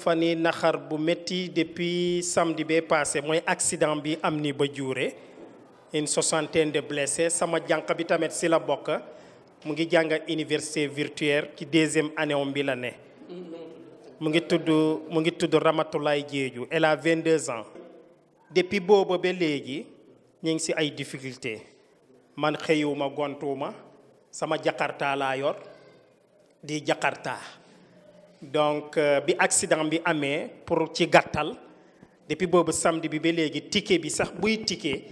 fani yi bu metti depuis samedi passé moy accident bi amni ba une soixantaine de blessés sama jank bi tamet sila la bokk mu ngi université virtuelle qui deuxième année on bi la ne mu ngi tudd mu ngi tudd elle a 22 ans depuis bobo ba légui ñu ngi si ay difficulté man xëyuma gontuma sama jakarta la yor di jakarta donc euh, bi accident bi amé pour ci depuis bobu samedi bi légui ticket bi sax buy ticket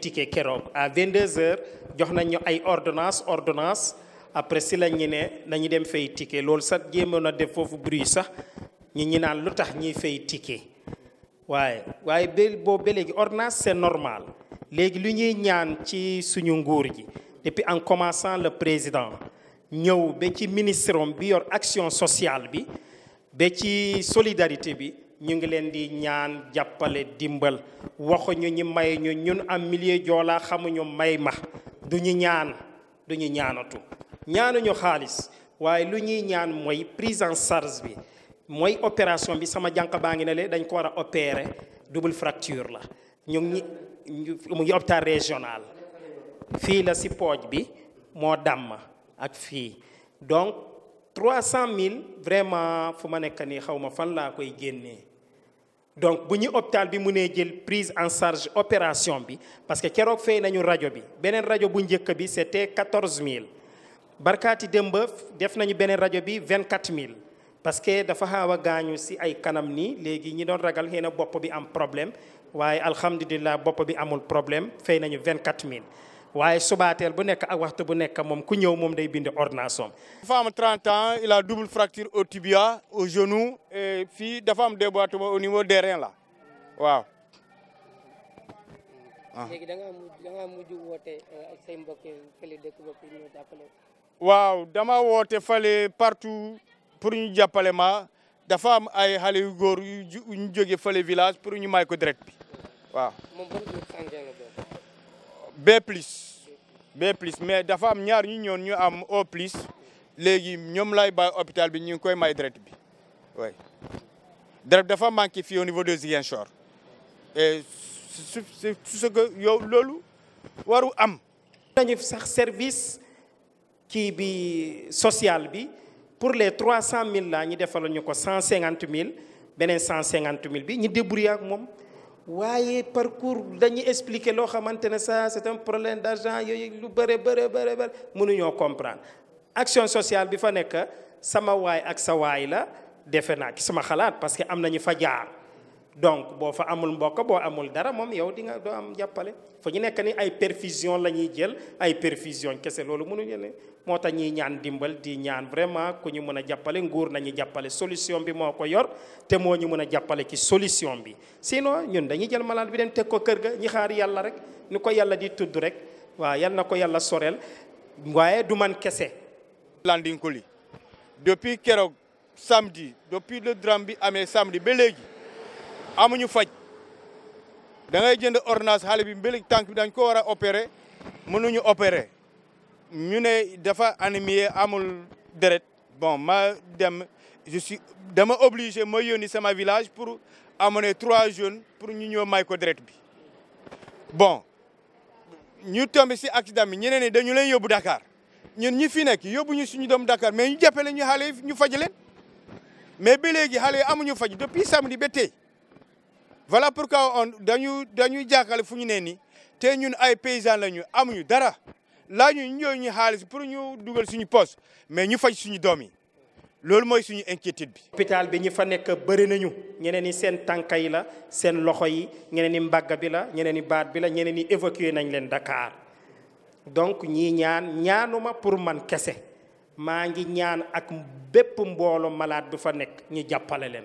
ticket à 22h jox ñu ay ordonnance après si la dem fay ticket fait. sax a def bruit sax ñi ñi ticket waay waay c'est normal légui lu ñuy ñaan ci suñu nguur depuis en commençant le président ñëw ba ci ministère bi yor action sociale bi be ci solidarité bi ñu ngi leen di ñaan jàppale dimbal waxuñu ñi may ñu ñun am milieu joolaa xamuñu may ma du ñu ñaan du ñu ñaanatu ñaanuñu xaalis waaye lu ñuy ñaan mooy prise en charge bi mooy opération bi sama jànq baa ngi ne le dañ ko war a opérer double fracture la ñu ngi mu ngi hôpital régional fii la si pooj bi moo dàmma Donc, 300 000, vraiment, il faut que je ne sais pas comment je Donc, si l'hôpital peut prendre la en charge l'opération, parce que nous avons fait radio. radio c'était 14 000. Barkati Dembeuf, def nañu radio 24 000. Parce que dafa hawa gañu aussi ay kanam ni, légui les gens ont xéna bop bi un problème, waye alhamdullilah bop pas amul problème, fay nañu 24 000 waye subaateel bu nek ak waxtu bu nek mom ku ñew mom day bind ordonnance am. 30 ans il a double fracture au tibia au genou et fi dafa am déboîtement au niveau des reins là waaw. Ah. légui da nga am da nga muju woote euh, ak say mbokk fële dëkk bokk ñu jappalé waaw dama woote fale partout pour ñu jappalé ma dafa am ay xale yu góor yu ñu joggé fale village pour ñu may ko direct bi waaw. mom ban groupe sanguin la B plus. B plus mais dafa am ñaar ñu Nous am O plus les lay hôpital bi ñu bi oui dafa au niveau de Ziguinchor et c'est tout que yo waru am. les sax service bi social bi pour les 300 000, nous la 150 150 150 000 bi waaye parcours dañuy expliquer loo xamante ne ça c'est un problème d'argent yooyu lu bëre bëre bëre Mon union comprendre action sociale bi fa m'a sama waay ak sa waay la defe naa ci sama parce que am nañu fa donc bo fa amul mbokk bo amul dara mom yow di nga do am jappalé fa ñu nekk ni ay perfusion lañuy jël ay perfusion kese ñaan dimbal di ñaan vraiment ku ñu mëna a nguur solution bi moko yor té mo ñu mëna a ci solution bi sinon ñun dañuy jël malade bi dem ko kër ñi xaar yalla rek ni ko yalla di tudd rek Wa yalla kese Landing depuis samedi depuis le drame bi samedi ba amuñu faj da ngay jënd ordonnance xalé bi mbélig tank bi dañ ko wara a opérer mënuñu opérer ñu né dafa anémie amul deret bon ma dem je suis dama obligé ma yoni sama village pour amener trois jeunes pour ñu ñëw may ko bi bon ñu tombé ci accident bi ñeneen ñi dañu leen yóbbu Dakar ñun ñi fi nek yóbbu ñu suñu dom Dakar mais ñu jàppale ñu xalé ñu faj mais ba légui xalé yi amuñu faj depuis samedi bété voilà pourquoi on dañu dañuy jàkkale fu ñu nee ni te ñun ay paysans lañu amuñu dara laa ñu ñëw ñu xaalis pour ñu dugal suñu poste mais ñu faj suñu doom yi loolu mooy suñu inquiétude bi. hôpital bi ñu fa nekk bëri nañu ñeneen ñi seen tànka yi la seen loxo yi ñeneen ñi mbagg bi la ñeneen ñi baat bi la ñeneen ni évacué nañ leen Dakar donc ñii ñaan ñaanuma pour man kese maa ngi ñaan ak bépp mboolo malaat bu fa nekk ñu jàppale leen.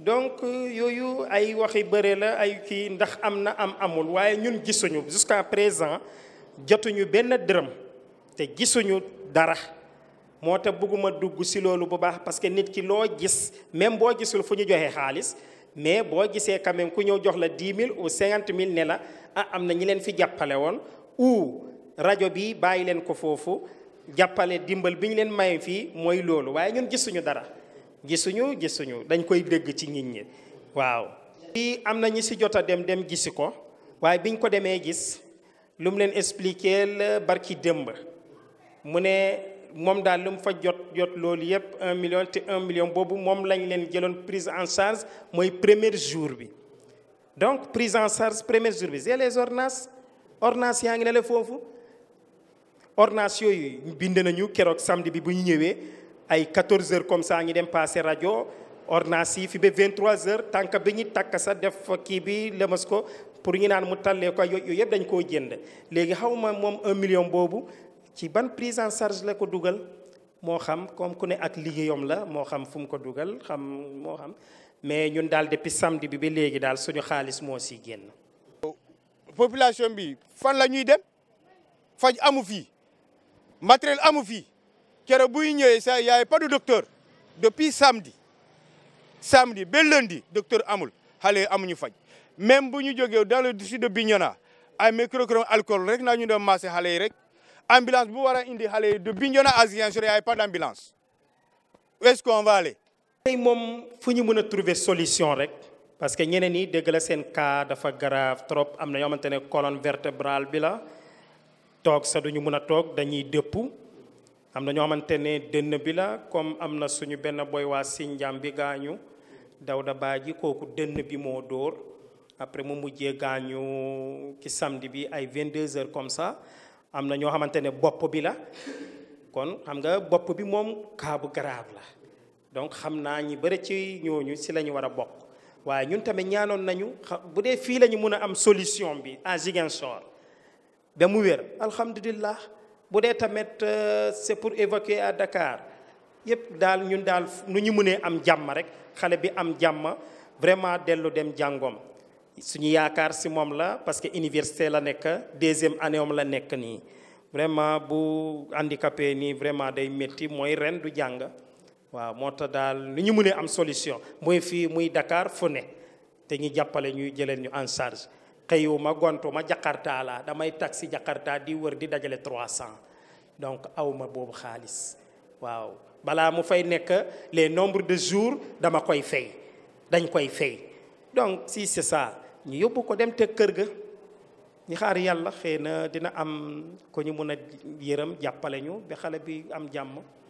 donc yooyu ay waxi bëre la ay kii ndax am na am amul waaye ñun gisuñu jusqu'à présent jotuñu benn dërëm te gisuñu dara moo tax bëgguma dugg si loolu bu baax parce que nit ki loo gis même boo gisul fu ñu joxe xaalis mais boo gisee quand ku ñëw jox la 10 mille ou 50 000 ne la ah am na ñi leen fi jàppale woon ou rajo bi bàyyi leen ko foofu jàppale dimbal bi ñu leen may fii mooy loolu waaye ñun gisuñu dara gisuñu gisuñu dañ koy dégg ci nit ñi waaw. fii am na ñi si jot a dem dem gisi ko waaye biñ ko demee gis lu mu leen expliquer la barki démb mu ne. moom daal lu mu fa jot jot loolu yëpp un million te un million boobu moom lañ leen jëloon prise en charge mooy premier jour bi donc prise en charge premier jour bi c'est les ordonnances ordonnances yaa ngi ne la foofu ordonnances yooyu bind nañu keroog samedi bi bu ñu ñëwee a 14 heures comme ça ñu dem passer radio, or il y 23 heures tant que tak sa def kibi bi lëmas pour ñu naan mu ko million bobu, ci ban prise en charge le ko le comme ku ak liggéeyam la moo xam mais ñun dal depuis samedi bi ont dal suñu aussi population bi fan la ñuy dem amu fi matériel keroog buy ñëwee ça y avait pas de docteur depuis samedi samedi bel lundi docteur amul xale yi amuñu faj même bu ñu dans le district de Bignona ay microchrome alcool rek naa ñu doon maase rek ambulance bu war a indi xale de Bignona à Il n'y avait pas d'ambulance. où est-ce qu'on va aller. Il faut fu ñu trouver solution rek. parce que ñeneen ñi dégg la seen cas dafa grave trop am na yoo colonne vertébrale bi la toog sa duñu mën a dañuy dëpp. am na ñoo xamante ne dënn bi la comme am na suñu benn boy waa Sinjam bi gaañu Dawda Baaji kooku dënn bi moo dóor après mu mujjee gaañu ci samedi bi ay 22 heures comme ça am na ñoo xamante ne bopp bi la kon xam nga bopp bi moom cas bu la donc xam naa ñi bëri ci ñooñu si la ñu war a bokk waaye ñun tamit ñaanoon nañu bu dee fii la ñu mun a am solution bi à Ziguinchor ba mu wér alhamdulillah bu dee euh, c'est pour évacuer à Dakar Yep, dal ñun dal nu ñu mëne am jamm rek xalé bi am jàmm vraiment delu dem jangom suñu yaakar si mom la parce que université la nek deuxième année om la nek ni vraiment bu handicapé ni vraiment day metti moy ren du jàng waaw moo dal ñu am solution moy fi muy Dakar fu ne te ñu jàppale ñuy jëleen ñu en charge kayuma ma ma Jakarta la damay taxi Jakarta di wër di dajale 300 donc awma bob xaalis waaw bala mu fay nek les nombres de jours dama koy fay dañ koy fay donc si c'est ça ñu yóbbu ko dem te kër ga ñu xaar yalla dina am ko ñu mun a yërëm jàppale ñu be xale bi am jàmm